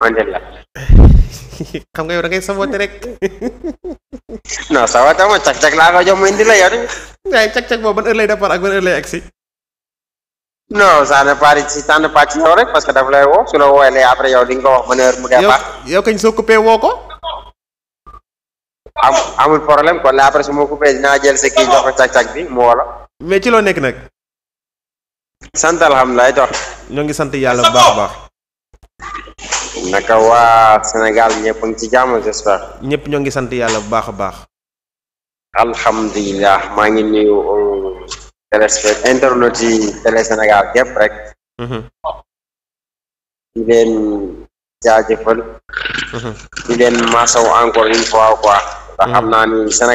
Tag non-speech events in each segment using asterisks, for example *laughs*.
mandel *laughs* *laughs* la. xam nga yow da ngay saboté rek. non saboté ma càq-càq laa ko jox mu indi la yow de. waaye càq-càq boobu ban heure lay départ ak ban heure lay agsi. non ça dépend ci ça dépend ci yow rek parce que daf lay woo su la woolee yow di nga ko wax ban heure mu amul problème kon la après su ma coupé dinaa jël sa kii jox ko càq-càq bi mu woo mais ci loo nekk nag. sant alhamdulilah dox. ñoo ngi sant yàlla bu baax baax. naka waa Sénégal ñëpp ci jàmm ñëpp ñoo ngi sant yàlla bu baax a baax. maa ngi nuyu téléspect internet yi télé Sénégal yëpp rek. Mhm. di leen jaajëfal. Mhm. di encore une fois quoi. ndax mhm. xam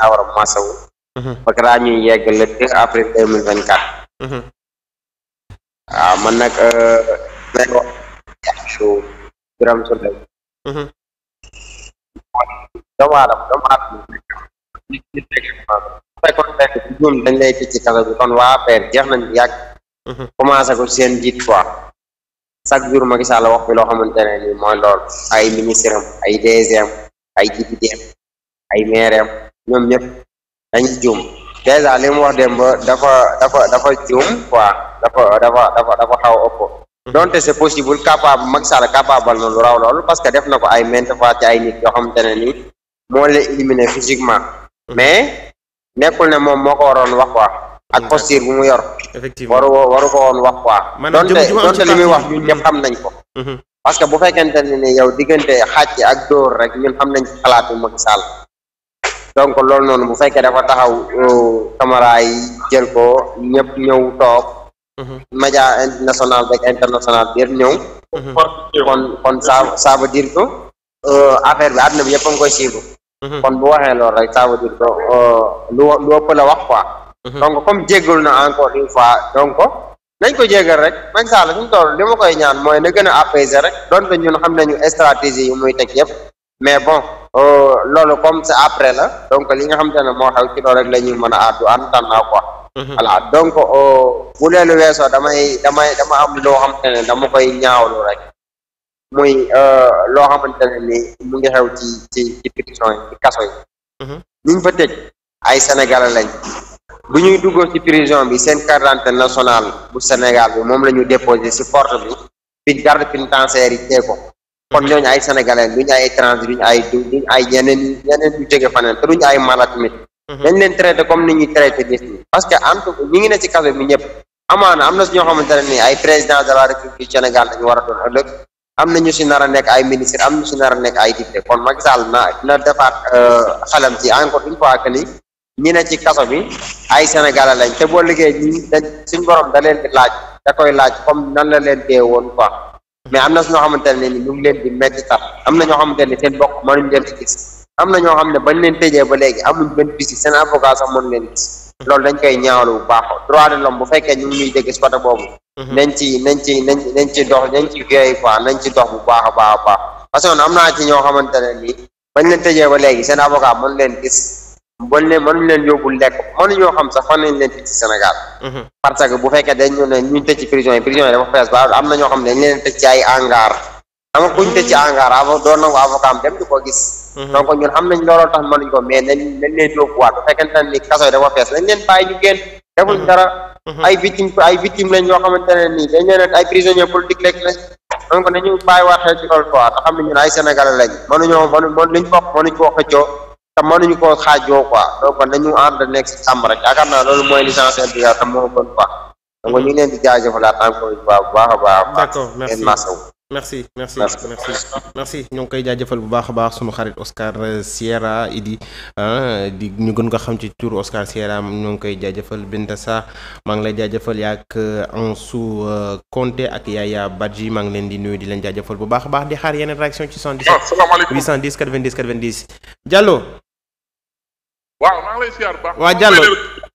a maasawu. Ah, nag. Euh, benn wax su Biram Souleye mooy doomu aadama doomu aadama nit ñi nekk bu fekkoon benn bu dañ lay tëj ci kaso bi waa APR jeex nañ yàgg mm-hmm. commencé ko seen jiit quoi chaque jour Macky Sall wax fi loo xamante ne mooy lool ay ministre ay DG ay député ay maire ñoom ñëpp dañuy juum dèjà li mu wax dem ba dafa dafa dafa juum dafa dafa dafa dafa xaw ëpp Mhm. donte c'est possible capable Macky Sall capable na raw loolu parce que def na ko ay maintes fois ci ay nit yoo xamante ne ni moo leen éliminé physiquement mhm. mais nekkul ne moom moo ko waroon wax quoi ak mhm. posture bu mu yor effectivement waru waru ko woon wax quoi donte donte li muy wax ñun ñëpp xam nañ ko parce que bu nte ne ni yow diggante xàcc ak dóor rek ñun xam nañ ci xalaatu Macky Sall donc loolu noonu bu fekkee dafa taxaw euh, caméra yi jël ko ñëpp ñëw toog Mhm. média national beeg international bi yëpp ñëw. Mhm. kon kon ça ça veut dire que euh, affaire bi àdduna bi yëpp a koy suivre. Mhm. kon bu waxee loolu rek ça veut dire que euh, lu lu ëpp la wax ko donc comme jéggalu na encore une fois donc nañ ko jéggal rek Macky Sall fi mu toll li ma koy ñaan mooy na gën a apaiser rek donte ñun xam nañu stratégie yu muy teg yëpp mais bon euh, loolu comme c'est après la donc li nga xamante ne moo xew ci loolu rek la ñuy mën a àddu ànd tànnaa quoi. Mhm. voilà donc euh, bu leen weeso damay damay dama am loo xamante ne dama koy ñaawlu rek muy euh, loo xamante ne ni mu ngi xew ci ci ci prison yi ci kaso yi mhm. ñu ngi fa tëj ay sénégalais lañ bu ñuy duggoo ci prison bi seen carte d'identité nationale bu Sénégal bi moom la ñu déposé ci porte bi fi garde pénitentiaire yi tee ko kon mhm. ñooñu ay sénégalais duñu ay étranger duñu ay duñu ay yeneen yeneen ñu jóge faneen te duñu ay mala tamit Mhm. dañ leen traité comme ni ñuy traité nit ñi parce que en ngi ne ci kaso bi ñëpp amaana am na suñoo xamante ne nii ay président de la république du Sénégal dañu war a doon ëllëg am na ñu si nar a nekk ay ministre am ñu si a nekk ay député kon na na defaat euh, xelam ci encore une fois ñi ne ci kaso bi ay sénégalais lañ te boo liggéey ñi dañ suñ borom da leen di laaj da koy laaj comme nan la leen woon quoi mhm. mais am na suñoo xamante ne ni ñu ngi leen am na ñoo xamante ne seen bokk mënuñ leen di gis am na ñoo xam ne bañ leen tëjee ba léegi amuñ benn piste seen avocat sax mën leen gis loolu dañ koy ñaawlu bu baax droit de l'homme bu fekkee ñu ngi ñuy dégg si côté boobu mhm. nañ ci nañ ci nañ nañ ci dox nañ ci veillé nañ ci dox bu baax a baax a baax naa ci xamante ne nii bañ leen tëjee ba léegi seen avocat mën leen gis bañ leen mënuñ leen yóbbu lekk mënuñoo xam sax fan lañ leen tëj ci Sénégal mhm. parce que bu fekkee dañ ñu ne ñu tëj ci prison yi prison yi dafa fees ba am na ñoo xam ne dañ leen tëj ci ay hangar xam nga kuñ te ci ANCAR avo doon nangu avocat am dem di ko gis. Mhm. donc ñun xam nañ ne ni kaso yi dafa fees nañ leen bàyyi ñu génn. defuñ mhm. dara. Mhm. ay victime ay victime lañ ñoo xamante ne nii dañ leen ay prisonniers politique lañ lañ donc nañu bàyyiwaat xel ci loolu quoi te xam ne ñun ay sénégalais lañ mënuñoo mënu koo xëccoo baax a baax. d'accord merci merci merci merci ñoo ngi koy jaajëfal bu baax a baax sunu xarit Oscar euh, Sierra Idi di ñu gën nga xam ci tur Oscar Sierra ñoo ngi koy jaajëfal Binta Sarr maa ngi lay jaajëfal yaak euh, Ansou Conté euh, ak Yaya Badji maa ngi leen di nuyu di leen jaajëfal bu baax a baax di xaar yeneen réaction ci 77 810 90 90 Diallo. waaw maa waa Diallo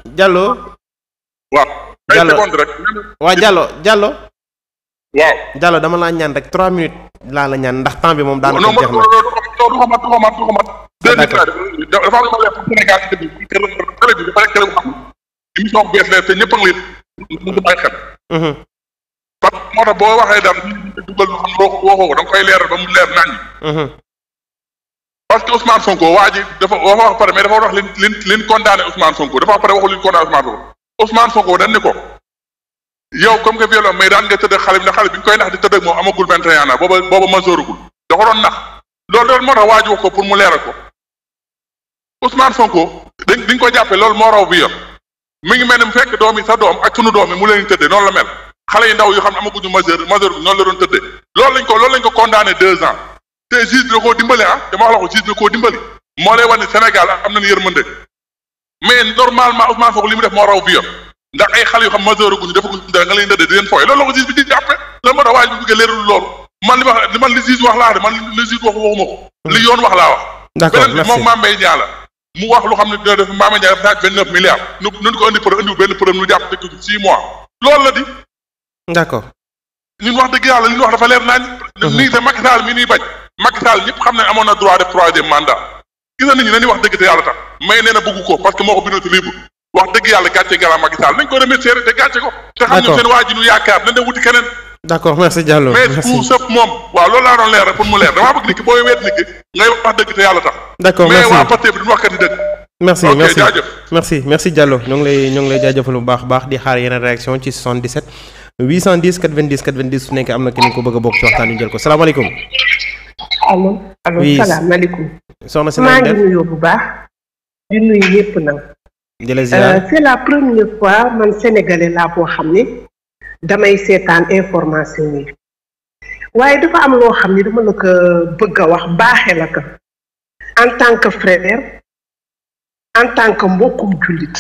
Diallo. waaw. waa Diallo Diallo. bien. Diallo dama laa ñaan rek 3 minutes laa la ñaan ndax temps moom daanaka jeex na. non du ko mat du ko mat dafa am lu ma leen Sénégal ci bi télé bi dafa nekk télé a ngi mhm. boo waxee daal dugal lu xam ko da nga koy leer ba mu leer naññ. Mhm. parce que Ousmane Sonko waa ji dafa dafa wax pare mais dafa wax liñ liñ liñ condamné Sonko dafa wax pare waxul liñ condamné Ousmane Sonko Ousmane ni ko. yow comme nga violon mais daan nga tëdd xale bi na xale bi nga koy nax di tëdd ak moom amagul 21 ans booba booba majeuragul ko doon nax loolu loolu moo tax waaj wax ko pour mu leeral ko Ousmane Sonko dañ dañ ko jàppee loolu moo raw bi yor mi ngi mel ni mu fekk doom yi sa doom ak sunu doom yi mu leen tëddee noonu la mel xale yu ndaw yu xam ne amaguñu majeur majeur noonu la doon tëddee loolu lañ ko loolu lañ ko condamné deux ans te juge bi koo dimbali ah dama wax la ko juge bi da koo dimbali moo lay wan ne Sénégal am nañu yërmande mais normalement Ousmane Sonko li mu def moo raw bi yor ndax ay xale yoo xam majeur guñu dafa guñu dara la ko gis bi ci jàppe lan moo tax man li man li gis wax laa de man li hmm. yoon wax laa wax beneen bi moom Mame Mbaye Niang la mu wax lu xam ne dina def Mame Mbaye Niang dafa taaj nu nunu ko indi pour indi benn problème nu jàpp tëkk six mois loolu la di d'accord ñun wax dëgg yàlla li ñu wax dafa leer naañ hmm. nii te Macky Sall mi ñuy bañ Macky Sall ñëpp xam ne amoon na droit def troisième mandat gis nit ñi nañuy wax dëgg te yàlla ko parce wax dëgg yàlla gàcce gala Macky Sall nañ ko remercier rek te gàcce ko. te xam ne seen waa ji nu yaakaar nañ dem wuti keneen. d' merci Diallo merci mais bëgg nit ki booy weet ngay wax dëgg te yàlla tax. d' merci merci okay, merci ngi lay ñu ngi lay jaajëfal bu baax baax di xaar yeneen réaction ci 77 810 90 90 su nekkee am na keneen ko bëgg a bokk ci waxtaan wi jël ko salaamaaleykum. allo allo salaamaaleykum. soxna si maa ngi nuyu bu baax di nuyu ñëpp nag di la euh, ziar c'est la première fois man sénégalais la boo xam ne damay seetaan information yi waaye dafa am loo xam ne dama la ko bëgg a wax baaxee la ko en tant que frère en tant que mbokkum jullit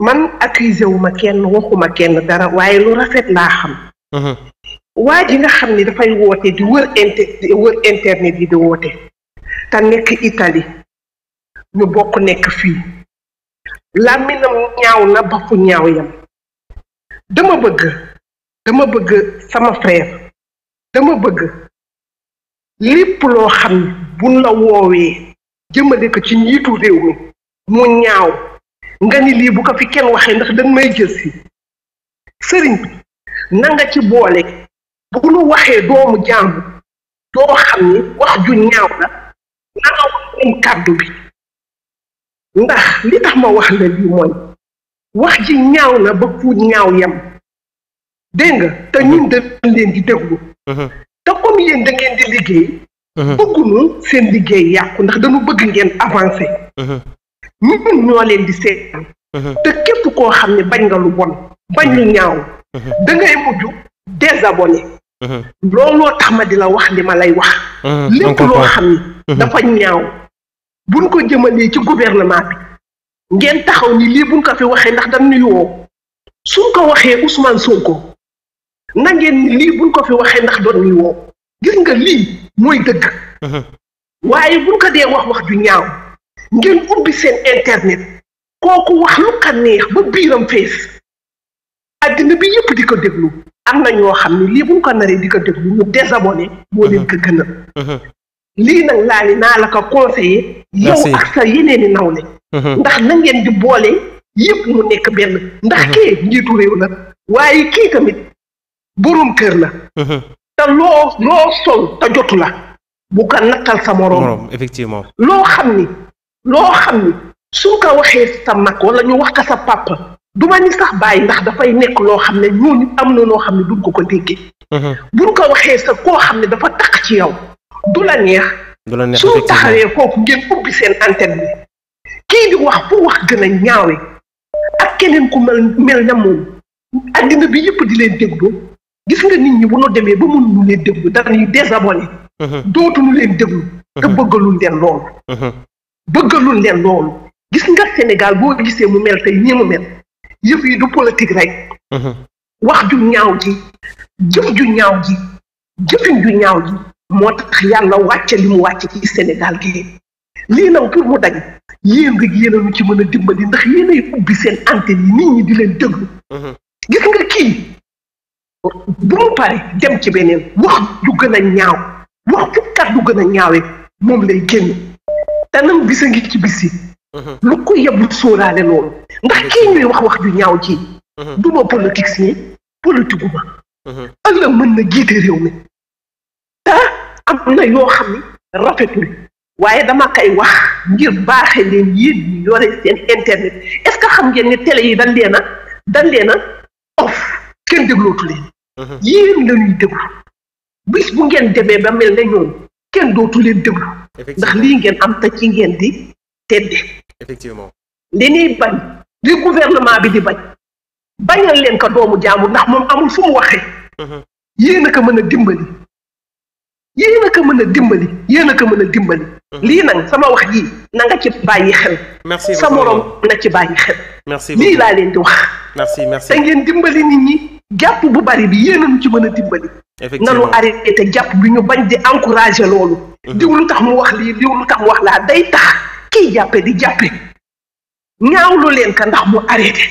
man accusé wu ma kenn waxuma kenn dara waaye lu rafet laa xam. Mhm. waa ji nga xam ne dafay woote di wër inter di internet yi di woote te nekk Italie ñu bokk nekk fii. làmminam ñaaw na ba fu ñaaw yam dama bëgg dama bëgg sama frère dama bëgg lépp loo xam ne buñ la woowee jëmale ko ci njiitu réew mi mu ñaaw nga ni lii bu fi kenn waxee ndax dañ may jël si sëriñ bi nga ci boole bu nu waxee doomu jàmb doo xam ni wax ju ñaaw la na nga kàddu bi ndax li tax ma wax la lii mooy wax ji ñaaw na ba fu ñaaw yem dégg nga te ñun dañ leen di déglu te comme yéen da di liggéey bëggunu seen liggéey yàqu ndax dañu bëgg ngeen avancé ñun ñoo leen di seetaan te képp koo xam ne bañ nga lu bon bañ lu ñaaw da ngay mujj désabonné looloo tax ma di la wax li ma lay wax lépp loo xam ne dafa ñaaw buñ ko jëmalee ci gouvernement bi ngeen taxaw ni lii buñ ko fi waxee ndax dañ nuy woo suñ ko waxee Ousmane Sonko na ngeen ni lii buñ ko fi waxee ndax doon nuy woo gis nga lii mooy dëgg waaye buñ ko dee wax wax ju ñaaw ngeen ubbi seen internet kooku wax lu ka neex ba biiram fees addina bi yëpp di ko déglu am na ñoo xam ne lii buñ ko naree di ko déglu ñu désabonné moo leen ko gënal lii nag laa ni naa la ko conseillé yow ak sa yeneen i nawle mhm. ndax na di boole yëpp mu nekk benn ndax mhm. kii njiitu réew la waaye kii tamit boroom kër la mhm. te loo loo sol te jotu la bu ko nattal sa moroom effectivement loo xam ni loo xam ni suñ ko waxee sa mag wala ñu wax ko sa papa duma ni sax bàyyi ndax dafay nekk loo xam ne ñooñu am na noo xam ne duñ ko ko déggee buñ ko waxee sa koo xam ne dafa tax ci yow du la neex su taxawee foofu ngeen ubbi seen antenne bi kii di wax fu wax gën a ñaawe ak keneen ku mel mel na moom addina bi yëpp di leen déglu gis nga nit ñi bu ñu demee ba mënuñu leen déglu dañuy dootu mhm. dootuñu leen déglu te mhm. bëggalul leen loolu mhm. leen loolu gis nga Sénégal boo gisee mu mel tey ñi mu mel yëf yi du politique rek wax ju ñaaw ji jëf ju ñaaw ji jëfin ju ñaaw ji moo tax yàlla wàcce li mu wàcce ci Sénégal gi lii nag pour mu dañ yéen rek yéen a ñu ci mën a dimbali ndax yéen ay ubbi seen antenne yi nit ñi di leen déglu. Mhm. gis nga kii bu mu pare dem ci beneen wax lu gën a ñaaw wax fu kàddu gën a ñaawee moom lay génn te nam gis a ngi ci bis yi mhm. lu ko yebbu sóoraale loolu ndax kii mhm. ñuy wax wax ju ñaaw ji. duma politique si politique ma. ëllëg mën na jiite réew mi. te ah, am na yoo xam ni rafetul waaye dama kay wax ngir baaxe leen yéen ñu yore seen internet est-ce que xam ngeen ne télé yi dañ leena a dañ leen a off kenn déglootu leen mhm. yéen la déglu bis bu ngeen demee ba mel ne ñoom kenn dootu leen déglu ndax lii ngeen am te ci ngeen di tedde effectivement li ñuy bañ li gouvernement bi di bañ bañal leen ko doomu jaamu ndax moom amul fu mu waxee mhm. yéen a ko mën a dimbali yéen ka mën a dimbali yéen a mën a dimbali. Mm-hmm. lii nag sama wax ji na nga baa bàyyi xel. merci sa morom nga ci bàyyi xel. merci lii laa leen di wax. merci merci te ngeen dimbali nit ñi jàpp bu bari bi yéen a ci mën a dimbali. effectivement nanu te jàpp bi ñu bañ di encouragé loolu. Mm-hmm. diw lu tax mu wax lii liw lu tax mu wax laa day tax kiy jàppee di jàppee ñaawlu leen ka ndax mu arrêté.